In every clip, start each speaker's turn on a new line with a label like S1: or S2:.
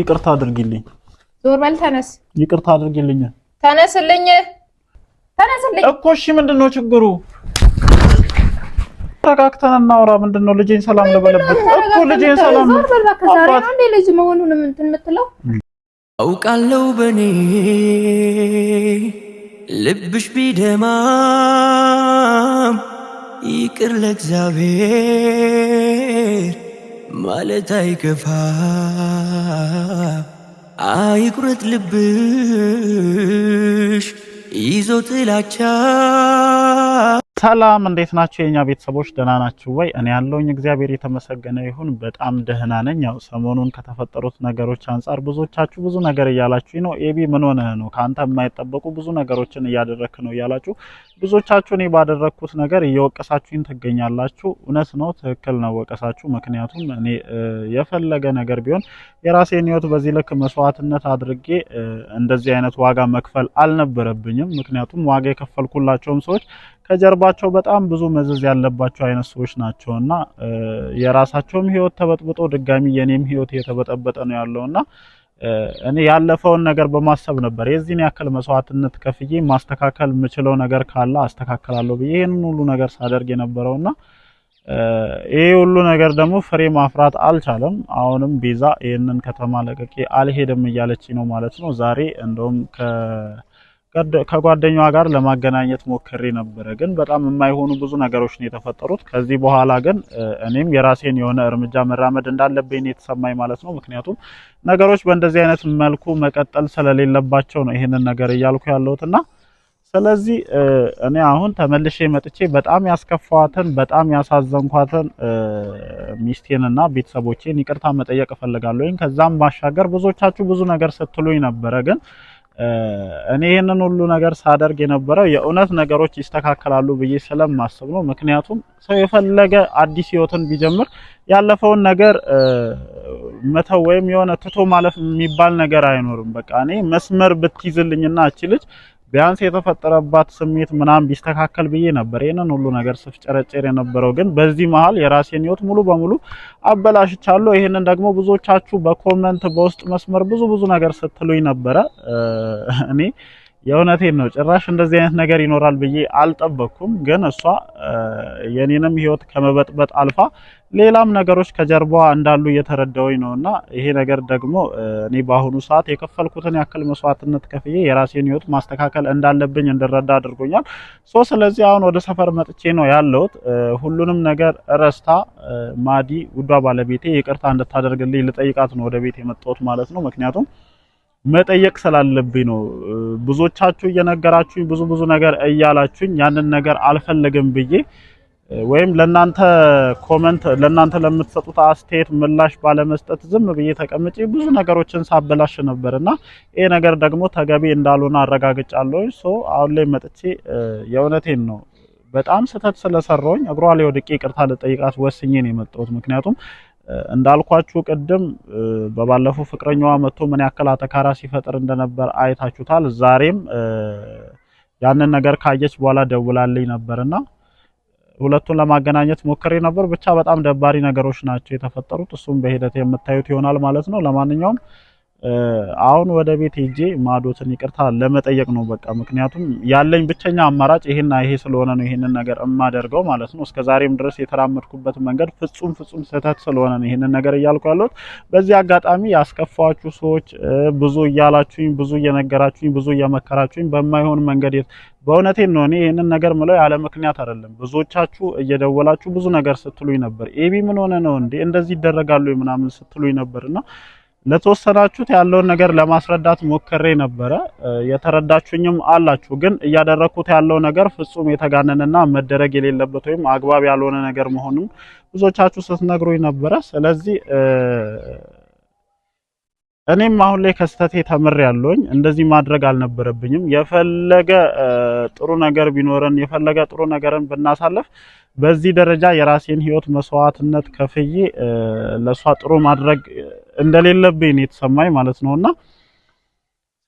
S1: ይቅርታ አድርጊልኝ።
S2: ዞር በል ተነስ።
S1: ይቅርታ አድርጊልኝ።
S2: ተነስልኝ፣ ተነስልኝ
S1: እኮ እሺ። ምንድን ነው ችግሩ? ተረጋግተን እናውራ። ምንድን ነው ልጄን ሰላም ልበለበት እኮ ልጄን ሰላም
S2: ልጅ መሆኑን እንትን የምትለው
S3: አውቃለሁ በኔ ልብሽ ቢደማም ይቅር ለእግዚአብሔር ማለት አይከፋ አይቁረጥ ልብሽ ይዞ ጥላቻ
S1: ሰላም እንዴት ናችሁ? የኛ ቤተሰቦች ደህና ናችሁ ወይ? እኔ ያለውኝ እግዚአብሔር የተመሰገነ ይሁን በጣም ደህና ነኝ። ያው ሰሞኑን ከተፈጠሩት ነገሮች አንጻር ብዙዎቻችሁ ብዙ ነገር እያላችሁ ነው። ኤቢ ምን ሆነህ ነው? ከአንተ የማይጠበቁ ብዙ ነገሮችን እያደረክ ነው እያላችሁ ብዙዎቻችሁ እኔ ባደረግኩት ነገር እየወቀሳችሁኝ ትገኛላችሁ። እውነት ነው፣ ትክክል ነው ወቀሳችሁ። ምክንያቱም እኔ የፈለገ ነገር ቢሆን የራሴን ሕይወት በዚህ ልክ መስዋዕትነት አድርጌ እንደዚህ አይነት ዋጋ መክፈል አልነበረብኝም። ምክንያቱም ዋጋ የከፈልኩላቸውም ሰዎች ከጀርባቸው በጣም ብዙ መዘዝ ያለባቸው አይነት ሰዎች ናቸው እና የራሳቸውም ህይወት ተበጥብጦ ድጋሚ የኔም ህይወት እየተበጠበጠ ነው ያለው እና እኔ ያለፈውን ነገር በማሰብ ነበር የዚህን ያክል መስዋዕትነት ከፍዬ ማስተካከል የምችለው ነገር ካለ አስተካከላለሁ ብዬ ይህንን ሁሉ ነገር ሳደርግ የነበረው እና ይህ ሁሉ ነገር ደግሞ ፍሬ ማፍራት አልቻለም። አሁንም ቤዛ ይህንን ከተማ ለቀቄ አልሄድም እያለች ነው ማለት ነው። ዛሬ እንደውም ከጓደኛዋ ጋር ለማገናኘት ሞክሬ ነበረ፣ ግን በጣም የማይሆኑ ብዙ ነገሮች ነው የተፈጠሩት። ከዚህ በኋላ ግን እኔም የራሴን የሆነ እርምጃ መራመድ እንዳለብኝ የተሰማኝ ማለት ነው። ምክንያቱም ነገሮች በእንደዚህ አይነት መልኩ መቀጠል ስለሌለባቸው ነው ይህንን ነገር እያልኩ እና ስለዚህ እኔ አሁን ተመልሼ መጥቼ በጣም ያስከፋዋትን በጣም ያሳዘንኳትን ሚስቴንና ቤተሰቦቼን ይቅርታ መጠየቅ እፈልጋለሁ። ከዛም ባሻገር ብዙዎቻችሁ ብዙ ነገር ስትሉኝ ነበረ ግን እኔ ይህንን ሁሉ ነገር ሳደርግ የነበረው የእውነት ነገሮች ይስተካከላሉ ብዬ ስለማስብ ነው። ምክንያቱም ሰው የፈለገ አዲስ ህይወትን ቢጀምር ያለፈውን ነገር መተው ወይም የሆነ ትቶ ማለፍ የሚባል ነገር አይኖርም። በቃ እኔ መስመር ብትይዝልኝና እቺ ልጅ ቢያንስ የተፈጠረባት ስሜት ምናምን ቢስተካከል ብዬ ነበር ይህንን ሁሉ ነገር ስፍጨረጨር የነበረው። ግን በዚህ መሀል የራሴን ህይወት ሙሉ በሙሉ አበላሽቻለሁ። ይህንን ደግሞ ብዙዎቻችሁ በኮመንት በውስጥ መስመር ብዙ ብዙ ነገር ስትሉኝ ነበረ እኔ የእውነቴን ነው። ጭራሽ እንደዚህ አይነት ነገር ይኖራል ብዬ አልጠበቅኩም። ግን እሷ የኔንም ህይወት ከመበጥበጥ አልፋ ሌላም ነገሮች ከጀርባዋ እንዳሉ ነው እና ይሄ ነገር ደግሞ እኔ በአሁኑ ሰዓት የከፈልኩትን ያክል መስዋዕትነት ከፍዬ የራሴን ህይወት ማስተካከል እንዳለብኝ እንድረዳ አድርጎኛል። ሶ ስለዚህ አሁን ወደ ሰፈር መጥቼ ነው ያለሁት። ሁሉንም ነገር ረስታ ማዲ ውዷ ባለቤቴ ይቅርታ እንድታደርግልኝ ልጠይቃት ነው ወደ ቤት የመጣሁት ማለት ነው ምክንያቱም መጠየቅ ስላለብኝ ነው። ብዙዎቻችሁ እየነገራችሁኝ ብዙ ብዙ ነገር እያላችሁኝ ያንን ነገር አልፈልግም ብዬ ወይም ለናንተ ኮመንት ለናንተ ለምትሰጡት አስተያየት ምላሽ ባለመስጠት ዝም ብዬ ተቀምጬ ብዙ ነገሮችን ሳበላሽ ነበርና ይሄ ነገር ደግሞ ተገቢ እንዳልሆነ አረጋግጫለሁ። ሶ አሁን ላይ መጥቼ የእውነቴን ነው በጣም ስህተት ስለሰራውኝ እግሯ ላይ ወድቄ ይቅርታ ልጠይቃት ወስኜ ነው የመጣሁት። ምክንያቱም እንዳልኳችሁ ቅድም በባለፈው ፍቅረኛዋ መጥቶ ምን ያክል አተካራ ሲፈጥር እንደነበር አይታችሁታል። ዛሬም ያንን ነገር ካየች በኋላ ደውላልኝ ነበርና ሁለቱን ለማገናኘት ሞክሬ ነበር። ብቻ በጣም ደባሪ ነገሮች ናቸው የተፈጠሩት። እሱም በሂደት የምታዩት ይሆናል ማለት ነው። ለማንኛውም አሁን ወደ ቤት ሄጄ ማዶትን ይቅርታ ለመጠየቅ ነው በቃ። ምክንያቱም ያለኝ ብቸኛ አማራጭ ይሄና ይሄ ስለሆነ ነው ይሄንን ነገር እማደርገው ማለት ነው። እስከዛሬም ድረስ የተራመድኩበት መንገድ ፍጹም ፍጹም ስህተት ስለሆነ ነው ይሄንን ነገር እያልኩ ያለሁት። በዚህ አጋጣሚ ያስከፋችሁ ሰዎች ብዙ እያላችሁኝ፣ ብዙ እየነገራችሁኝ፣ ብዙ እየመከራችሁኝ በማይሆን መንገድ በእውነቴን ነው እኔ ይህንን ነገር ምለው ያለ ምክንያት አይደለም። ብዙዎቻችሁ እየደወላችሁ ብዙ ነገር ስትሉኝ ነበር። ኤቢ ምን ሆነ ነው እንዴ እንደዚህ ይደረጋሉ ምናምን ስትሉኝ ነበርና ለተወሰናችሁት ያለውን ነገር ለማስረዳት ሞከሬ ነበረ። የተረዳችሁኝም አላችሁ። ግን እያደረኩት ያለው ነገር ፍጹም የተጋነነና መደረግ የሌለበት ወይም አግባብ ያልሆነ ነገር መሆኑን ብዙዎቻችሁ ስትነግሩኝ ነበረ። ስለዚህ እኔም አሁን ላይ ከስተቴ ተምር ያለውኝ እንደዚህ ማድረግ አልነበረብኝም። የፈለገ ጥሩ ነገር ቢኖረን የፈለገ ጥሩ ነገርን ብናሳለፍ በዚህ ደረጃ የራሴን ሕይወት መስዋዕትነት ከፍዬ ለእሷ ጥሩ ማድረግ እንደሌለብኝ የተሰማኝ ማለት ነውና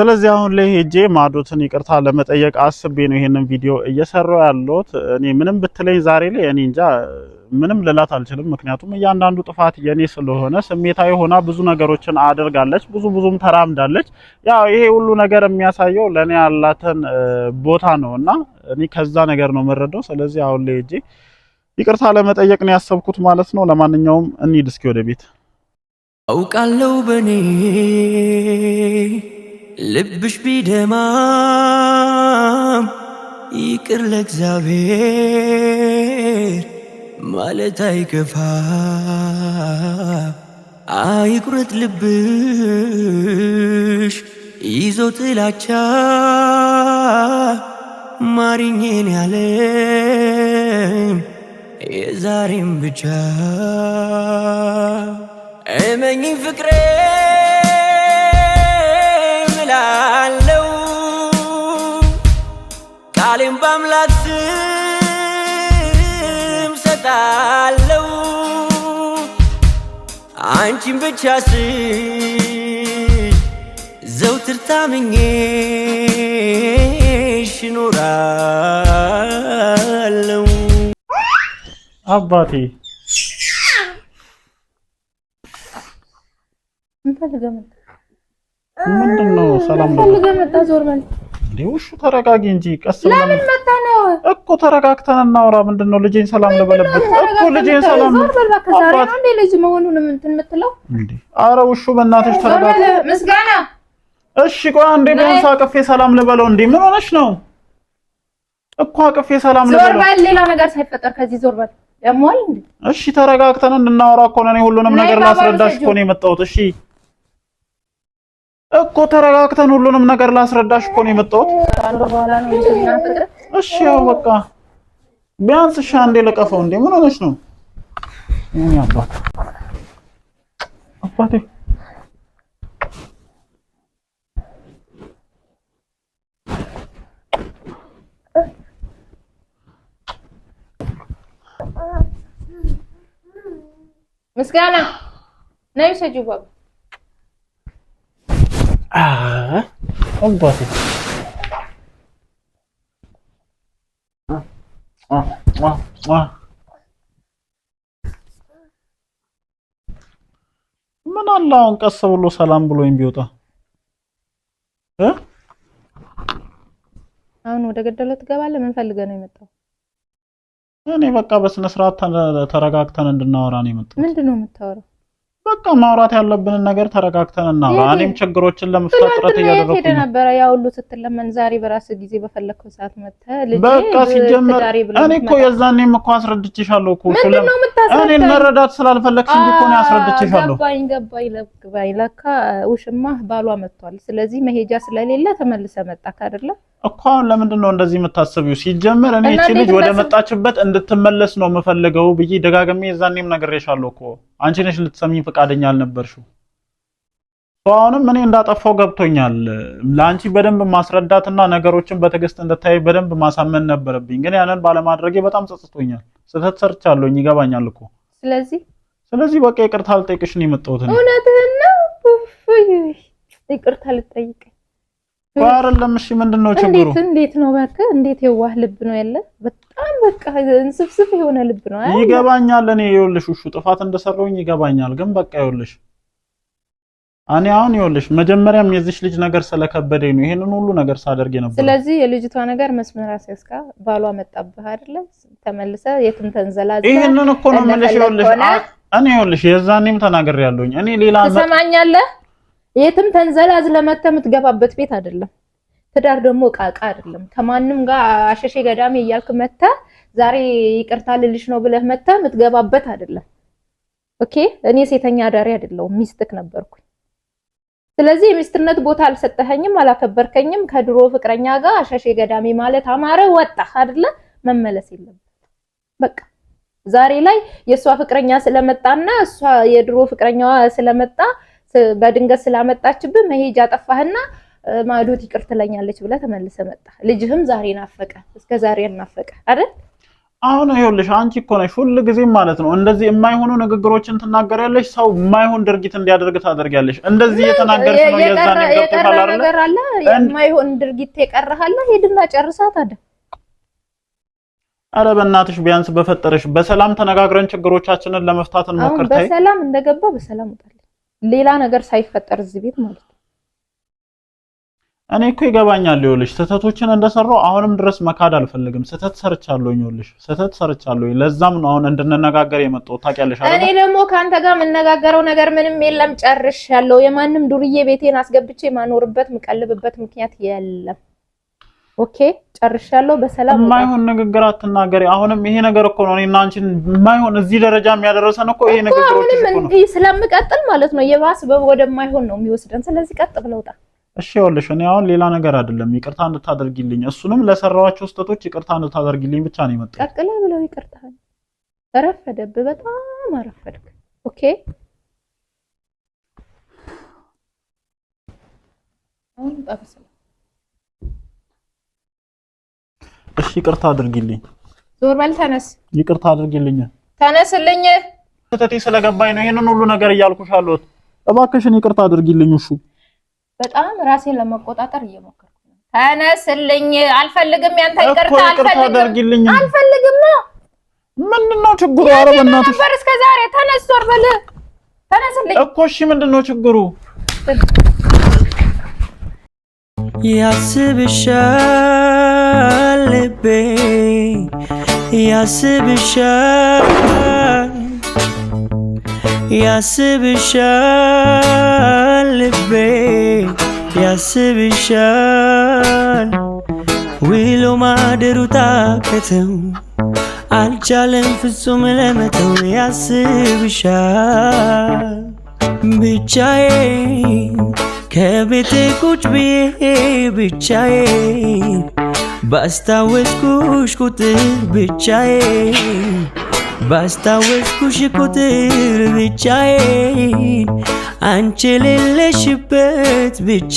S1: ስለዚህ አሁን ላይ ሄጄ ማዶትን ይቅርታ ለመጠየቅ አስቤ ነው ይሄንን ቪዲዮ እየሰራው ያለሁት። እኔ ምንም ብትለኝ ዛሬ ላይ እኔ እንጃ ምንም ልላት አልችልም። ምክንያቱም እያንዳንዱ ጥፋት የኔ ስለሆነ ስሜታዊ ሆና ብዙ ነገሮችን አድርጋለች፣ ብዙ ብዙም ተራምዳለች። ያው ይሄ ሁሉ ነገር የሚያሳየው ለእኔ ያላትን ቦታ ነው እና እኔ ከዛ ነገር ነው የምረዳው። ስለዚህ አሁን ላይ ሄጄ ይቅርታ ለመጠየቅ ነው ያሰብኩት ማለት ነው። ለማንኛውም እንሂድ እስኪ ወደ ቤት።
S3: አውቃለሁ በኔ ልብሽ ቢደማም ይቅር ለእግዚአብሔር ማለት አይከፋ። አይቁረት ልብሽ ይዞ ጥላቻ ማሪኝን ያለም የዛሬም ብቻ እመኝ ፍቅሬ ምላለው ቃሌም በአምላክ ስም ሰጣለው አንቺን ብቻ ስ ዘውትር ታምኜሽ እኖራለው
S1: አባቴ ምንድን ነው ሰላም
S2: መጣ። ዞር በል
S1: እንዴ ውሹ፣ ተረጋጊ እንጂ
S2: ቀስ ብለን ለምን መጣ ነው
S1: እኮ ተረጋግተን እናውራ። ምንድን ልጄን ሰላም ልበለበት እኮ ልጄን ሰላም ልበለበት። ኧረ ውሹ በእናትሽ ተረጋጊ። ምስጋና እሺ፣ ቆይ አንዴ ቢያንስ አቅፌ ሰላም ልበለው። እንዴ ምን ሆነሽ ነው እኮ አቅፌ ሰላም
S2: ልበለው። ዞር በል፣ ሌላ ነገር ሳይፈጠር ከዚህ ዞር በል።
S1: እሺ፣ ተረጋግተን እንድናወራ እኮ ነው። እኔ ሁሉንም ነገር ላስረዳሽ እኮ ነው የመጣሁት። እሺ እኮ ተረጋግተን ሁሉንም ነገር ላስረዳሽ እኮ ነው የመጣሁት። እሺ ያው በቃ ቢያንስ እሺ፣ አንዴ ልቀፈው እንዴ። ምን ሆነች ነው? እኔ አባት አባቴ
S2: ምስጋና ነይ ሰጂው ባባ
S1: አባቴ ah, ምን አለ አሁን ቀስ ብሎ ሰላም ብሎኝ ቢወጣ እ
S2: አሁን ወደ ገደለው ትገባለህ? ምን ፈልገህ ነው የመጣው?
S1: እኔ በቃ በስነ ስርዓት ተረጋግተን እንድናወራ ነው የመጣው።
S2: ምንድን ነው የምታወራው?
S1: በቃ ማውራት ያለብንን ነገር ተረጋግተን እናውራ። እኔም ችግሮችን ለመፍታት ጥረት እያደረኩ
S2: ነው። ነበረ። ያ ሁሉ ስትለመን ዛሬ በራስ ጊዜ በፈለግከው ሰዓት መጥተህ
S1: በቃ ሲጀመር እኔ እኮ የዛኔ እኮ አስረድቼሻለሁ እኮ ነው እኔ መረዳት ስላልፈለግሽ እንጂ እኮ ነው አስረድቼሻለሁ።
S2: ገባኝ ገባኝ ለካ ውሽማህ ባሏ መጥቷል። ስለዚህ መሄጃ ስለሌለ ተመልሰ መጣ አይደለ?
S1: እኮ አሁን ለምንድን ነው እንደዚህ የምታስቢው? ሲጀመር እኔ እቺ ልጅ ወደ መጣችበት እንድትመለስ ነው የምፈልገው ብዬ ደጋግሜ የዛኔም ነግሬሻለሁ እኮ አንቺ ነሽ ልትሰሚኝ ፈቃደኛ አልነበርሽው። አሁንም እኔ እንዳጠፋው ገብቶኛል። ለአንቺ በደንብ ማስረዳትና ነገሮችን በትዕግስት እንድታይ በደንብ ማሳመን ነበረብኝ፣ ግን ያንን ባለማድረጌ በጣም ጸጽቶኛል። ስህተት ሰርቻለሁኝ፣ ይገባኛል እኮ ስለዚህ ስለዚህ በቃ ይቅርታ ልጠይቅሽ ነው የመጣሁት።
S2: እውነትህን ነው? ይቅርታ ልጠይቅ
S1: አይደለም። እሺ ምንድን ነው ችግሩ?
S2: እንዴት ነው እባክህ፣ እንዴት የዋህ ልብ ነው ያለ። በጣም በቃ እንስፍስፍ የሆነ ልብ
S1: ነው። ይገባኛል። እኔ ይኸውልሽ ውሹ ጥፋት እንደሰራውኝ ይገባኛል። ግን በቃ ይኸውልሽ እኔ አሁን ይኸውልሽ መጀመሪያም የዚህ ልጅ ነገር ስለከበደኝ ነው ይሄንን ሁሉ ነገር ሳደርግ ነበር።
S2: ስለዚህ የልጅቷ ነገር መስመር አስያዝካ ባሏ መጣብህ አይደለ? ተመልሰ የትም ተንዘላዘ።
S1: ይሄንን እኮ ነው የምልሽ። ይኸውልሽ እኔ ይኸውልሽ የዛኔም ተናግሬያለሁኝ እኔ ሌላ
S2: ትሰማኛለህ የትም ተንዘላዝ ለመተ የምትገባበት ቤት አይደለም። ትዳር ደግሞ እቃ እቃ አይደለም። ከማንም ጋር አሸሼ ገዳሜ እያልክ መተ ዛሬ ይቅርታ ልልሽ ነው ብለህ መተ የምትገባበት አይደለም። ኦኬ እኔ ሴተኛ አዳሪ አይደለሁም፣ ሚስትክ ነበርኩኝ። ስለዚህ የሚስትነት ቦታ አልሰጠኸኝም፣ አላከበርከኝም። ከድሮ ፍቅረኛ ጋር አሸሼ ገዳሜ ማለት አማረ ወጣ አይደለ? መመለስ የለበት በቃ ዛሬ ላይ የእሷ ፍቅረኛ ስለመጣና እሷ የድሮ ፍቅረኛዋ ስለመጣ በድንገት ስላመጣችብህ መሄጃ ጠፋህና ማዶት ይቅር ትለኛለች ብለህ ተመልሰህ መጣህ። ልጅህም ዛሬ ናፈቀ፣ እስከ ዛሬ ናፈቀ አይደል?
S1: አሁን ይኸውልሽ አንቺ እኮ ነሽ ሁል ጊዜም ማለት ነው እንደዚህ የማይሆኑ ንግግሮችን ትናገሪያለሽ። ሰው የማይሆን ድርጊት እንዲያደርግ ታደርጊያለሽ። እንደዚህ እየተናገርሽ ነው። የዛን የቀረ ነገር አለ፣ የማይሆን ድርጊት የቀረሃለ። ሄድና ጨርሳት አደ አረ በእናትሽ ቢያንስ በፈጠረሽ በሰላም ተነጋግረን ችግሮቻችንን ለመፍታት እንሞክር። በሰላም እንደገባ በሰላም ወጣ ሌላ ነገር ሳይፈጠር እዚህ ቤት ማለት ነው። እኔ እኮ ይገባኛል። ይኸውልሽ ስህተቶችን እንደሰራው አሁንም ድረስ መካድ አልፈልግም። ስህተት ሰርቻለሁ፣ ይኸውልሽ ስህተት ሰርቻለሁ። ለዛም ነው አሁን እንድንነጋገር የመጣሁት ታውቂያለሽ። እኔ ደግሞ ከአንተ ጋር የምነጋገረው ነገር ምንም የለም፣ ጨርሻለሁ። የማንም ዱርዬ ቤቴን አስገብቼ ማኖርበት ምቀልብበት ምክንያት የለም። ኦኬ ጨርሻለሁ። በሰላም የማይሆን ንግግር አትናገሪ። አሁንም ይሄ ነገር እኮ ነው እኔና አንቺን የማይሆን እዚህ ደረጃ የሚያደርሰን እኮ ይሄ ነገር ነው። አሁንም እንዲህ ስለምቀጥል ማለት ነው የባስ ወደማይሆን ነው የሚወስደን። ስለዚህ ቀጥ ብለውጣ እሺ ይኸውልሽ፣ እኔ አሁን ሌላ ነገር አይደለም ይቅርታ እንድታደርጊልኝ እሱንም ለሰራኋቸው ስህተቶች ይቅርታ እንድታደርጊልኝ ብቻ ነው የመጣሁት። ቀቅለ ብለው ይቅርታ። ረፈደብህ፣ በጣም አረፈድክ። ኦኬ አሁን ይቅርታ አድርጊልኝ። ዞር በል ተነስ። ይቅርታ አድርጊልኝ። ተነስልኝ። ስህተቴ ስለገባኝ ነው ይሄንን ሁሉ ነገር እያልኩሽ አለሁት። እባክሽን ይቅርታ አድርጊልኝ። እሺ በጣም ራሴን ለመቆጣጠር እየሞከርኩ ነው። ተነስልኝ። አልፈልግም። ያንተ ይቅርታ አልፈልግም። አልፈልግም። ምንድን ነው ችግሩ? ኧረ በእናትሽ ነበር እስከ ዛሬ። ተነስ፣ ዞር በል ተነስልኝ። እኮ እሺ፣ ምንድን ነው ችግሩ? ያስብሻል ልቤ ያስብሻል ያስብሻል ልቤ ያስብሻል ውሎ ማደሩ ጣቀተው አልቻለም ፍጹም ለመተው ያስብሻል ብቻዬ ከቤቴ ቁጭ ብዬ ብቻዬ ባስታወስኩሽ ቁጥር ብቻዬ ባስታወስኩሽ ቁጥር ብቻዬ አንቺ ሌለሽበት ብቻ